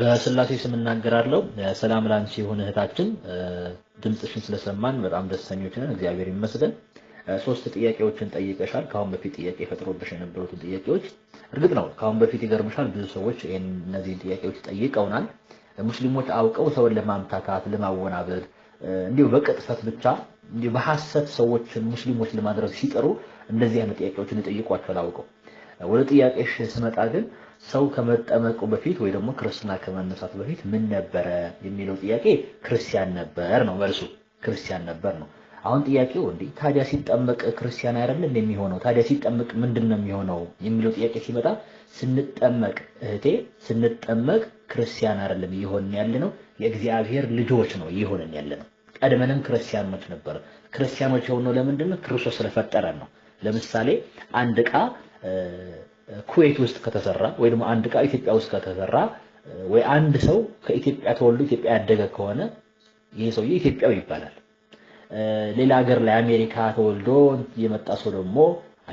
በስላሴ ስም እናገራለሁ። ሰላም ላንቺ የሆነ እህታችን ድምፅሽን ስለሰማን በጣም ደስተኞች ነን። እግዚአብሔር ይመስገን። ሶስት ጥያቄዎችን ጠይቀሻል። ከአሁን በፊት ጥያቄ የፈጥሮብሽ የነበሩትን ጥያቄዎች እርግጥ ነው ከአሁን በፊት ይገርምሻል፣ ብዙ ሰዎች እነዚህን ጥያቄዎች ጠይቀውናል። ሙስሊሞች አውቀው ሰውን ለማምታታት፣ ለማወናበድ እንዲሁ በቅጥፈት ብቻ እንዲሁ በሐሰት ሰዎችን ሙስሊሞች ለማድረግ ሲጠሩ እንደዚህ አይነት ጥያቄዎችን ይጠይቋቸዋል አውቀው። ወደ ጥያቄሽ ስመጣ ግን ሰው ከመጠመቁ በፊት ወይ ደግሞ ክርስትና ከመነሳት በፊት ምን ነበረ የሚለው ጥያቄ ክርስቲያን ነበር ነው መልሱ። ክርስቲያን ነበር ነው። አሁን ጥያቄው እንዴ ታዲያ ሲጠመቅ ክርስቲያን አይደለም የሚሆነው? ታዲያ ሲጠመቅ ምንድን ነው የሚሆነው የሚለው ጥያቄ ሲመጣ ስንጠመቅ እህቴ፣ ስንጠመቅ ክርስቲያን አይደለም እየሆንን ያለ ነው፣ የእግዚአብሔር ልጆች ነው እየሆንን ያለ ነው። ቀድመንም ክርስቲያኖች ነበር። ክርስቲያኖች የሆነው ለምንድን ነው? ክርስቶስ ስለፈጠረን ነው። ለምሳሌ አንድ ዕቃ ኩዌት ውስጥ ከተሰራ ወይ ደግሞ አንድ እቃ ኢትዮጵያ ውስጥ ከተሰራ ወይ አንድ ሰው ከኢትዮጵያ ተወልዶ ኢትዮጵያ ያደገ ከሆነ ይሄ ሰውዬ ኢትዮጵያዊ ይባላል። ሌላ ሀገር ላይ አሜሪካ ተወልዶ የመጣ ሰው ደግሞ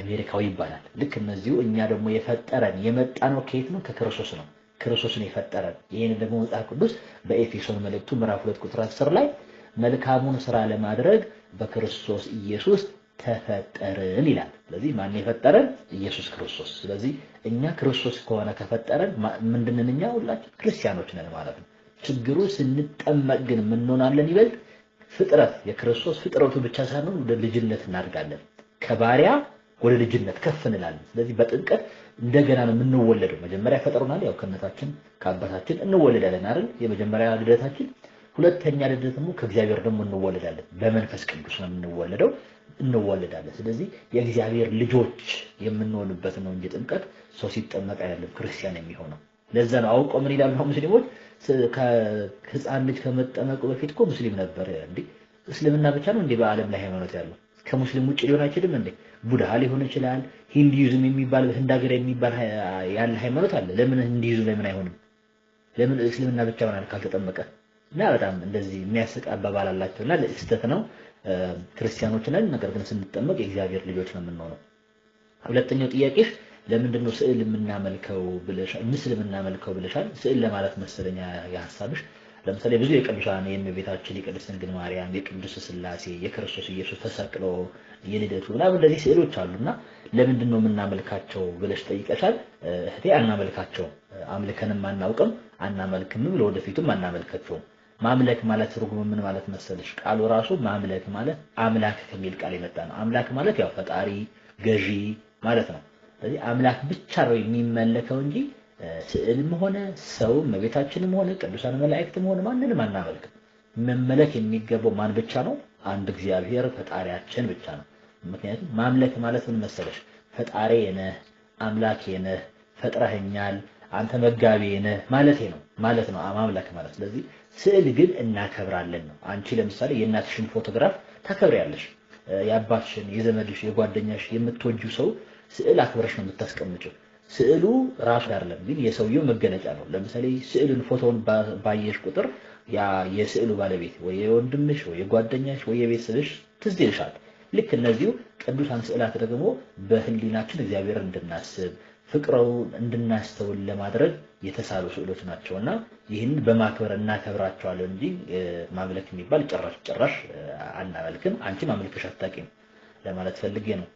አሜሪካዊ ይባላል። ልክ እነዚሁ እኛ ደግሞ የፈጠረን የመጣ ነው ከየት ነው? ከክርስቶስ ነው። ክርስቶስን የፈጠረን ይህን ደግሞ መጽሐፍ ቅዱስ በኤፌሶን መልእክቱ ምዕራፍ ሁለት ቁጥር አስር ላይ መልካሙን ስራ ለማድረግ በክርስቶስ ኢየሱስ ተፈጠርን ይላል። ስለዚህ ማን የፈጠረን? ኢየሱስ ክርስቶስ። ስለዚህ እኛ ክርስቶስ ከሆነ ከፈጠረን ነን? እኛ ሁላችን ክርስቲያኖች ነን ማለት ነው። ችግሩ ስንጠመቅ ግን ምንሆናለን? ይበልጥ ፍጥረት የክርስቶስ ፍጥረቱ ብቻ ሳይሆን ወደ ልጅነት እናድጋለን። ከባሪያ ወደ ልጅነት ከፍ እንላለን። ስለዚህ በጥምቀት እንደገና ነው የምንወለደው። መጀመሪያ ፈጠሩናል፣ ያው ከእናታችን ከአባታችን እንወለዳለን አይደል? የመጀመሪያ ልደታችን። ሁለተኛ ልደት ደግሞ ከእግዚአብሔር ደግሞ እንወለዳለን። በመንፈስ ቅዱስ ነው የምንወለደው። እንወለዳለን። ስለዚህ የእግዚአብሔር ልጆች የምንሆንበት ነው እንጂ ጥምቀት ሰው ሲጠመቅ አይደለም ክርስቲያን የሚሆነው። ለዛ ነው አውቆ ምን ይላል ሙስሊሞች፣ ከህፃን ልጅ ከመጠመቁ በፊት እኮ ሙስሊም ነበር። እንዴ እስልምና ብቻ ነው እንዲህ በዓለም ላይ ሃይማኖት ያለው? ከሙስሊም ውጭ ሊሆን አይችልም እንዴ? ቡድሃ ሊሆን ይችላል። ሂንዱይዝም የሚባል ህንድ ሀገር የሚባል ያለ ሃይማኖት አለ። ለምን ሂንዱይዝም ለምን አይሆንም? ለምን እስልምና ብቻ ሆናል ካልተጠመቀ? እና በጣም እንደዚህ የሚያስቅ አባባል አላቸው እና ስህተት ነው። ክርስቲያኖች ነን፣ ነገር ግን ስንጠመቅ የእግዚአብሔር ልጆች ነው የምንሆነው። ሁለተኛው ጥያቄሽ ለምንድን ነው ስዕል የምናመልከው ብለሻል፣ ምስል የምናመልከው ብለሻል። ስዕል ለማለት መሰለኛ የሀሳብሽ። ለምሳሌ ብዙ የቅዱሳን የእመቤታችን፣ የቅድስት ድንግል ማርያም፣ የቅዱስ ስላሴ፣ የክርስቶስ ኢየሱስ ተሰቅሎ የልደቱ ምናምን እንደዚህ ስዕሎች አሉና ለምንድን ነው የምናመልካቸው ብለሽ ጠይቀሻል። እህቴ አናመልካቸውም፣ አምልከንም አናውቅም፣ አናመልክምም፣ ለወደፊቱም አናመልካቸውም። ማምለክ ማለት ትርጉሙ ምን ማለት መሰለሽ? ቃሉ ራሱ ማምለክ ማለት አምላክ ከሚል ቃል የመጣ ነው። አምላክ ማለት ያው ፈጣሪ፣ ገዢ ማለት ነው። ስለዚህ አምላክ ብቻ ነው የሚመለከው እንጂ ስዕልም ሆነ ሰውም መቤታችንም ሆነ ቅዱሳን መላእክትም ሆነ ማንንም አናመልክም። መመለክ የሚገባው ማን ብቻ ነው? አንድ እግዚአብሔር ፈጣሪያችን ብቻ ነው። ምክንያቱም ማምለክ ማለት ምን መሰለሽ? ፈጣሪ ነህ፣ አምላክ ነህ፣ ፈጥረኸኛል አንተ መጋቢ ነህ ማለቴ ነው ማለት ነው ማምላክ ማለት። ስለዚህ ስዕል ግን እናከብራለን ነው። አንቺ ለምሳሌ የእናትሽን ፎቶግራፍ ታከብሪያለሽ፣ የአባትሽን፣ የዘመድሽ፣ የጓደኛሽ የምትወጁ ሰው ስዕል አክብረሽ ነው የምታስቀምጭው። ስዕሉ ራሱ አይደለም ግን የሰውየው መገለጫ ነው። ለምሳሌ ስዕልን ፎቶውን ባየሽ ቁጥር ያ የስዕሉ ባለቤት ወይ የወንድምሽ ወይ የጓደኛሽ ወይ የቤተሰብሽ ትዝ ይልሻል። ልክ እነዚሁ ቅዱሳን ስዕላት ደግሞ በህሊናችን እግዚአብሔር እንድናስብ ፍቅረው እንድናስተውል ለማድረግ የተሳሉ ስዕሎች ናቸው እና ይህን በማክበር እናከብራቸዋለን እንጂ ማምለክ የሚባል ጭራሽ ጭራሽ አናመልክም። አንቺ አምልከሽ አታውቂም ለማለት ፈልጌ ነው።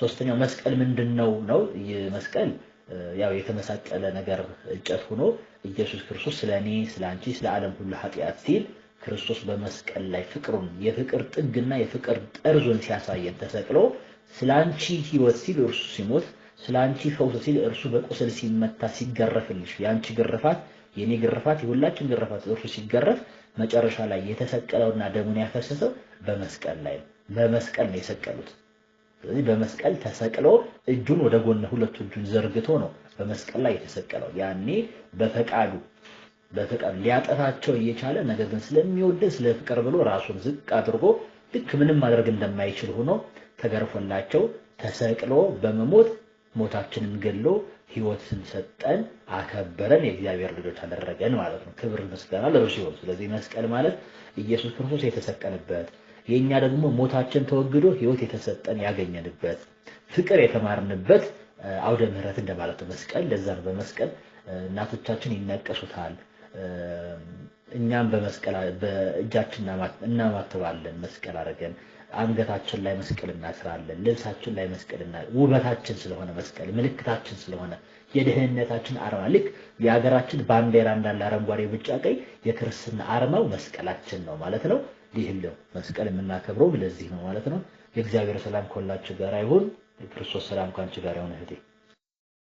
ሶስተኛው መስቀል ምንድን ነው ነው? መስቀል ያው የተመሳቀለ ነገር እንጨት ሆኖ ኢየሱስ ክርስቶስ ስለ እኔ ስለ አንቺ ስለ ዓለም ሁሉ ኃጢአት ሲል ክርስቶስ በመስቀል ላይ ፍቅሩን የፍቅር ጥግና የፍቅር ጠርዞን ሲያሳየን ተሰቅሎ ስለ አንቺ ሕይወት ሲል እርሱ ሲሞት ስለ አንቺ ፈውስ ሲል እርሱ በቁስል ሲመታ ሲገረፍልሽ፣ የአንቺ ግርፋት የኔ ግርፋት የሁላችን ግርፋት እርሱ ሲገረፍ መጨረሻ ላይ የተሰቀለውና ደሙን ያፈሰሰው በመስቀል ላይ በመስቀል ነው የሰቀሉት። ስለዚህ በመስቀል ተሰቅሎ እጁን ወደ ጎን ሁለቱ እጁን ዘርግቶ ነው በመስቀል ላይ የተሰቀለው። ያኔ በፈቃዱ በፈቃዱ ሊያጠፋቸው እየቻለ ነገር ግን ስለሚወደን ስለ ፍቅር ብሎ ራሱን ዝቅ አድርጎ ልክ ምንም ማድረግ እንደማይችል ሆኖ ተገርፎላቸው ተሰቅሎ በመሞት ሞታችንን ገሎ ህይወትን ሰጠን፣ አከበረን፣ የእግዚአብሔር ልጆች አደረገን ማለት ነው። ክብር ምስጋና ለእርሱ ሲሆን፣ ስለዚህ መስቀል ማለት ኢየሱስ ክርስቶስ የተሰቀለበት የእኛ ደግሞ ሞታችን ተወግዶ ህይወት የተሰጠን ያገኘንበት ፍቅር የተማርንበት አውደ ምሕረት እንደማለት ነው መስቀል። ነው በመስቀል እናቶቻችን ይነቀሱታል፣ እኛም በመስቀል በእጃችን እናማትባለን መስቀል አድርገን አንገታችን ላይ መስቀል እናስራለን። ልብሳችን ላይ መስቀል እና ውበታችን ስለሆነ መስቀል ምልክታችን ስለሆነ የደህንነታችን አርማ ልክ የሀገራችን ባንዲራ እንዳለ አረንጓዴ፣ ቢጫ፣ ቀይ የክርስትና አርማው መስቀላችን ነው ማለት ነው። ይህም መስቀል የምናከብረው ለዚህ ነው ማለት ነው። የእግዚአብሔር ሰላም ከሁላችሁ ጋር ይሁን። የክርስቶስ ሰላም ከአንቺ ጋር ይሁን እህቴ።